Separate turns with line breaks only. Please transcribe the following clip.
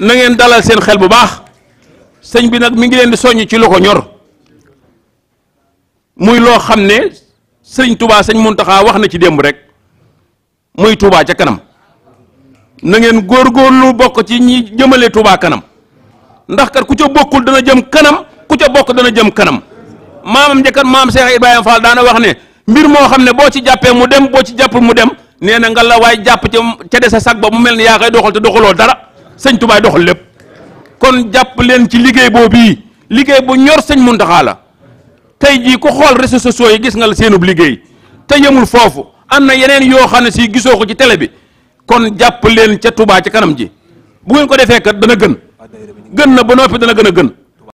na ngeen dalal seen xel bu baax sëñ bi nag mi ngi leen di soññ ci lu ko ñor muy loo xam ne sëñ tubaa sëñ Muntaxa wax na ci démb rek muy tuubaa ca kanam na ngeen lu bokk ci ñi jëmale tubaa kanam ndax kat ku ca bokkul dana jëm kanam ku ca bokk dana jëm kanam maamam njëkkat maam Cheikh Ibrahima Fall daana wax ne mbir moo xam ne boo ci jàppee mu dem boo ci jàppul mu dem nee na nga la waaye jàpp ca ca des a sag ba mu mel ni yaa koy doxal te doxaloo dara sëñ tubaay doxal lépp kon jàpp leen ci liggéey boobu liggéey bu ñor sëñ muntaxaa la tey jii ku xool réseaux sociaux yi gis nga la seenub liggéey te yemul foofu am na yeneen yoo xam ne si gisoo ko ci télé bi kon jàpp leen ca tubaa ci kanam ji bu ngeen ko defee kat dana gën gën na ba noppi dana gën a gën